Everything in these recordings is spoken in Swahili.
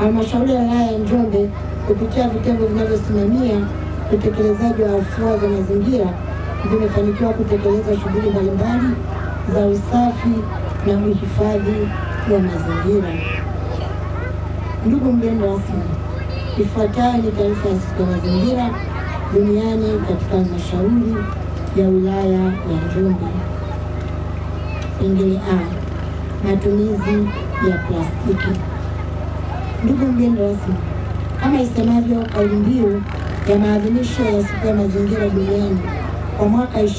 halmashauri ya wilaya ya Njombe kupitia vitengo vinavyosimamia utekelezaji wa afua za mazingira vimefanikiwa kutekeleza shughuli mbalimbali za usafi na uhifadhi wa mazingira. Ndugu mgeni rasmi, ifuatayo ni taarifa ya siku ya mazingira duniani katika halmashauri ya wilaya ya Njombe. Pengine A, matumizi ya plastiki. Ndugu mgeni rasmi, kama isemavyo kauli mbiu ya maadhimisho ya siku ya mazingira duniani kwa mwaka 2025,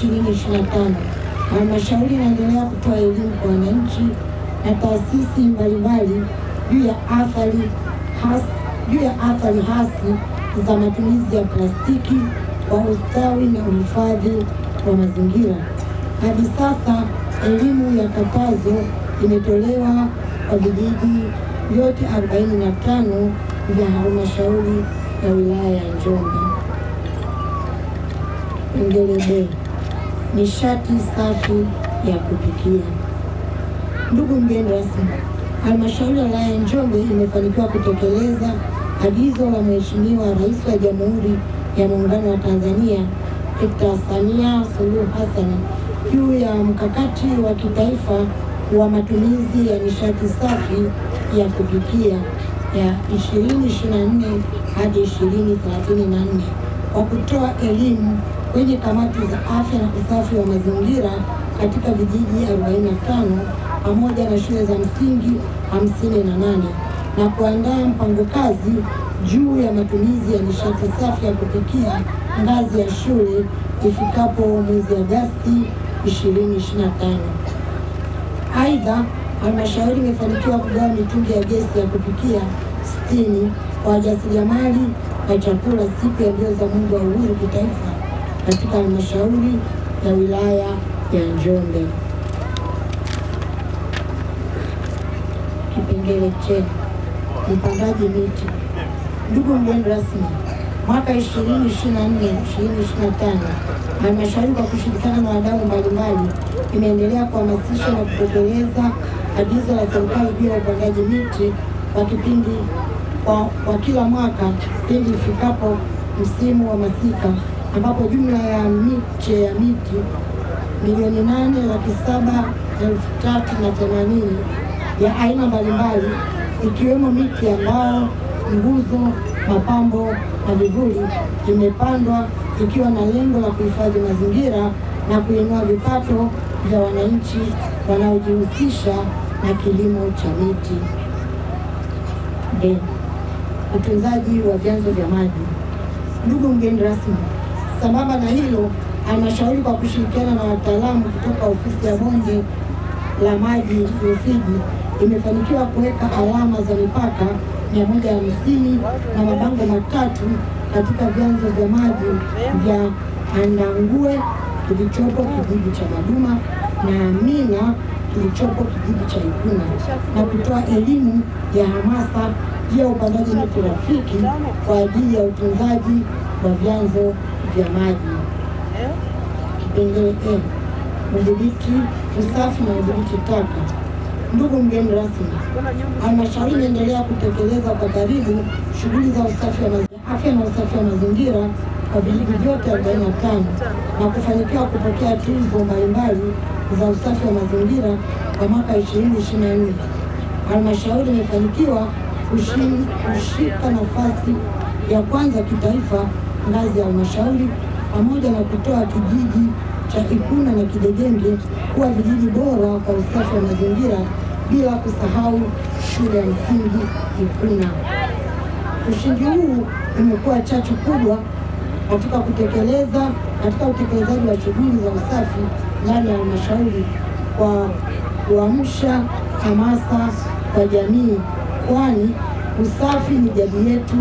halmashauri inaendelea kutoa elimu kwa wananchi na taasisi mbalimbali juu ya athari hasi, hasi za matumizi ya plastiki kwa ustawi na uhifadhi wa mazingira. Hadi sasa elimu ya katazo imetolewa kwa vijiji vyote 45 vya halmashauri ya wilaya ya Njombe. Ngelebe nishati safi ya kupikia. Ndugu mgeni rasmi, halmashauri ya wilaya ya Njombe imefanikiwa kutekeleza agizo la Mheshimiwa Rais wa Jamhuri ya Muungano wa Tanzania Dkt. Samia Suluhu Hassan juu ya mkakati wa kitaifa wa matumizi ya nishati safi ya kupikia ya 2024 hadi 2034 kwa kutoa elimu kwenye kamati za afya na usafi wa mazingira katika vijiji 45 pamoja na shule za msingi 58 na kuandaa mpango kazi juu ya matumizi ya nishati safi ya kupikia ngazi ya shule ifikapo mwezi Agosti 2025. Aidha, halmashauri imefanikiwa kugawa mitungi ya gesi ya kupikia sitini kwa wajasiriamali wa chakula siku ya mbio za Mwenge wa Uhuru kitaifa katika halmashauri ya wilaya ya Njombe. Kipengele che upandaji miti. Ndugu mgeni rasmi, mwaka 2024 2025 halmashauri kwa kushirikiana na wadau mbalimbali imeendelea kuhamasisha na kutekeleza agizo la serikali juu ya upandaji miti kwa kipindi kwa kila mwaka pindi ifikapo msimu wa masika, ambapo jumla ya miche ya miti milioni nane laki saba elfu tatu na themanini ya aina mbalimbali ikiwemo miti ya mbao, nguzo, mapambo na vivuli imepandwa ikiwa na lengo la kuhifadhi mazingira na kuinua vipato vya wananchi wanaojihusisha na kilimo cha miti. Utunzaji e, wa vyanzo vya maji. Ndugu mgeni rasmi, sambamba na hilo, halmashauri kwa kushirikiana na wataalamu kutoka ofisi ya bonde la maji Rufiji imefanikiwa kuweka alama za mipaka hamsini na mabango matatu katika vyanzo vya maji vya Andangue kilichopo kijiji cha Maduma na Amina kilichopo kijiji cha Ikuna na kutoa elimu ya hamasa ya upandaji miti rafiki kwa ajili ya utunzaji wa vyanzo vya maji. Kipengele A, e, udhibiti usafi na udhibiti taka. Ndugu mgeni rasmi, halmashauri inaendelea kutekeleza kwa karibu shughuli za usafi wa afya na usafi wa mazingira kwa vijiji vyote 45 na kufanikiwa kupokea tuzo mbalimbali za usafi wa mazingira kwa mwaka 2024. Halmashauri imefanikiwa kushika nafasi ya kwanza kitaifa ngazi ya halmashauri pamoja na kutoa kijiji cha Ikuna na Kidegenge kuwa vijiji bora kwa usafi wa mazingira bila kusahau shule ya msingi Ikuna. Ushindi huu umekuwa chachu kubwa katika kutekeleza katika utekelezaji wa shughuli za usafi ndani ya halmashauri kwa kuamsha hamasa kwa jamii, kwani usafi ni jadi yetu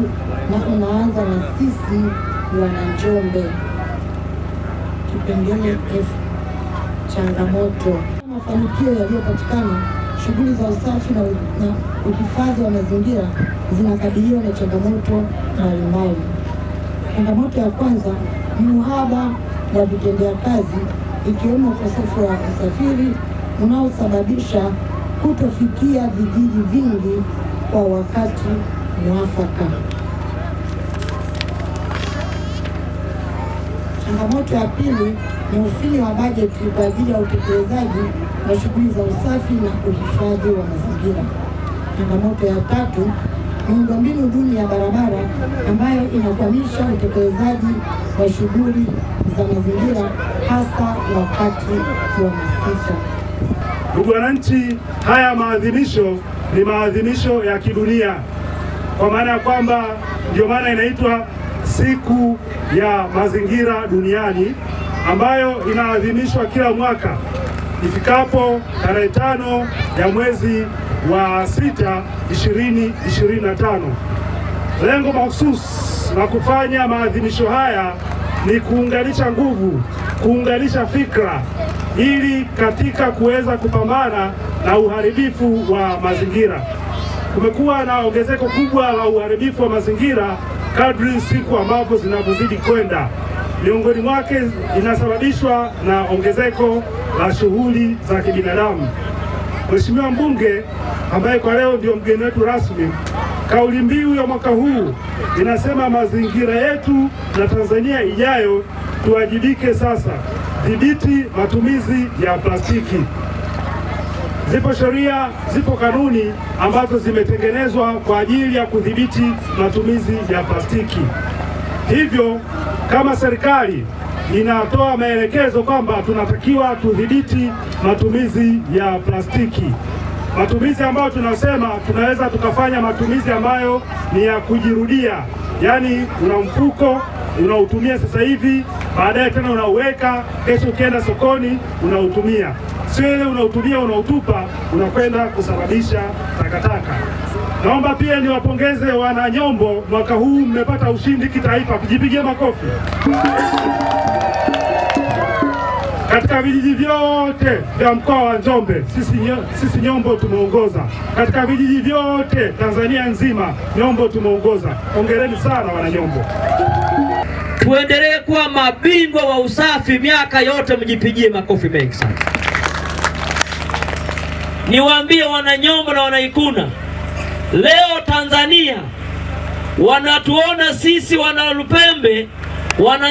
na unaanza na sisi Wananjombe. Kipengele F, changamoto. Mafanikio yaliyopatikana shughuli za usafi na uhifadhi wa mazingira zinakabiliwa na changamoto mbalimbali. Changamoto ya kwanza ni uhaba wa vitendea kazi, ikiwemo ukosefu wa usafiri unaosababisha kutofikia vijiji vingi kwa wakati mwafaka. Changamoto ya pili ni ufinyu wa bajeti kwa ajili ya utekelezaji wa shughuli za usafi na uhifadhi wa mazingira. Changamoto ya tatu miundombinu duni ya barabara ambayo inakwamisha utekelezaji wa shughuli za mazingira hasa wakati wa masika. Ndugu wananchi, haya maadhimisho ni maadhimisho ya kidunia kwa maana ya kwamba ndio maana inaitwa siku ya mazingira duniani ambayo inaadhimishwa kila mwaka ifikapo tarehe tano ya mwezi wa sita 2025. Lengo mahususi la kufanya maadhimisho haya ni kuunganisha nguvu, kuunganisha fikra ili katika kuweza kupambana na uharibifu wa mazingira. Kumekuwa na ongezeko kubwa la uharibifu wa mazingira kadri siku ambapo zinavyozidi kwenda, miongoni mwake inasababishwa na ongezeko la shughuli za kibinadamu. Mheshimiwa Mbunge ambaye kwa leo ndio mgeni wetu rasmi. Kauli mbiu ya mwaka huu inasema mazingira yetu na Tanzania ijayo, tuwajibike sasa, dhibiti matumizi ya plastiki. Zipo sheria, zipo kanuni ambazo zimetengenezwa kwa ajili ya kudhibiti matumizi ya plastiki. Hivyo kama serikali inatoa maelekezo kwamba tunatakiwa kudhibiti matumizi ya plastiki matumizi ambayo tunasema tunaweza tukafanya matumizi ambayo ni ya kujirudia, yaani una mfuko unautumia sasa hivi, baadaye tena unauweka, kesho ukienda sokoni unautumia. Sio ile unautumia unautupa, unakwenda kusababisha takataka. Naomba pia niwapongeze wana Nyombo, mwaka huu mmepata ushindi kitaifa, kujipigia makofi katika vijiji vyote vya mkoa wa Njombe sisi, sisi Nyombo tumeongoza katika vijiji vyote Tanzania nzima, Nyombo tumeongoza. Hongereni sana wana nyombo tuendelee kuwa mabingwa wa usafi miaka yote, mjipigie makofi mengi sana. Niwaambie wana nyombo na Wanaikuna, leo Tanzania wanatuona sisi Wanalupembe,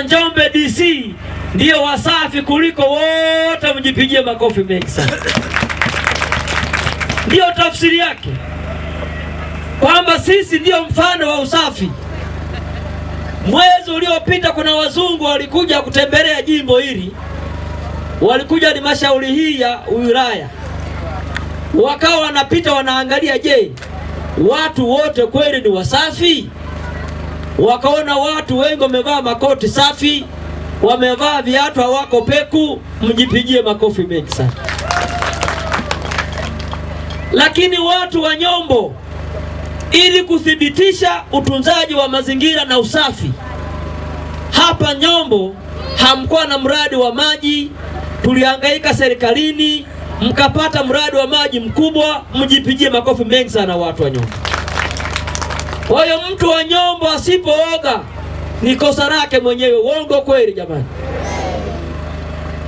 njombe DC ndiyo wasafi kuliko wote, mjipigie makofi mengi sana. Ndiyo tafsiri yake kwamba sisi ndiyo mfano wa usafi. Mwezi uliopita kuna wazungu walikuja kutembelea jimbo hili, walikuja halmashauri hii ya wilaya, wakawa wanapita wanaangalia, je, watu wote kweli ni wasafi? Wakaona watu wengi wamevaa makoti safi wamevaa viatu hawako peku, mjipigie makofi mengi sana. Lakini watu wa Nyombo, ili kuthibitisha utunzaji wa mazingira na usafi hapa Nyombo, hamkuwa na mradi wa maji. Tulihangaika serikalini, mkapata mradi wa maji mkubwa, mjipigie makofi mengi sana watu wa Nyombo. Kwa hiyo mtu wa Nyombo asipooga ni kosa lake mwenyewe. Uongo kweli? Jamani,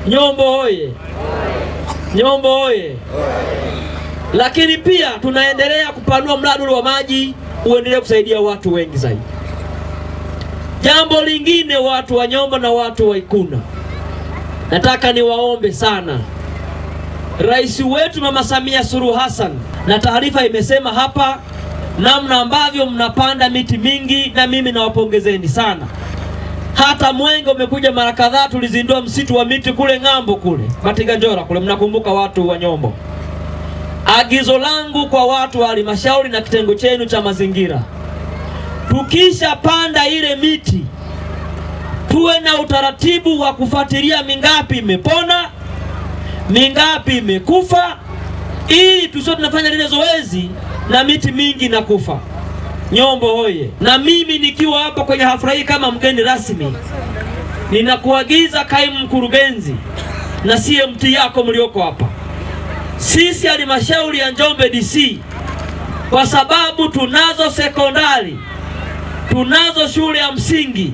Nyombo oye! Nyombo oye! Lakini pia tunaendelea kupanua mradi wa maji uendelee kusaidia watu wengi zaidi. Jambo lingine, watu wa Nyombo na watu wa Ikuna, nataka niwaombe sana Rais wetu Mama Samia Suluhu Hassan, na taarifa imesema hapa namna ambavyo mnapanda miti mingi, na mimi nawapongezeni sana. Hata Mwenge umekuja mara kadhaa, tulizindua msitu wa miti kule ng'ambo kule Matiganjora kule, mnakumbuka watu wa Nyombo. Agizo langu kwa watu wa halmashauri na kitengo chenu cha mazingira, tukishapanda ile miti tuwe na utaratibu wa kufuatilia mingapi imepona, mingapi imekufa, ili tusio tunafanya lile zoezi na miti mingi inakufa. Nyombo hoye! Na mimi nikiwa hapa kwenye hafla hii kama mgeni rasmi, ninakuagiza kaimu mkurugenzi na CMT yako mlioko hapa, sisi halmashauri ya Njombe DC, kwa sababu tunazo sekondari, tunazo shule ya msingi,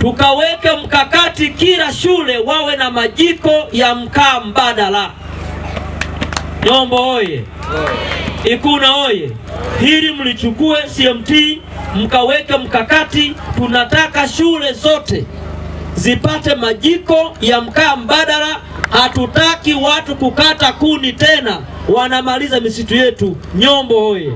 tukaweke mkakati kila shule wawe na majiko ya mkaa mbadala. Nyombo hoye! Ikuna oye! Hili mlichukue CMT mkaweke mkakati. Tunataka shule zote zipate majiko ya mkaa mbadala. Hatutaki watu kukata kuni tena, wanamaliza misitu yetu. Nyombo oye!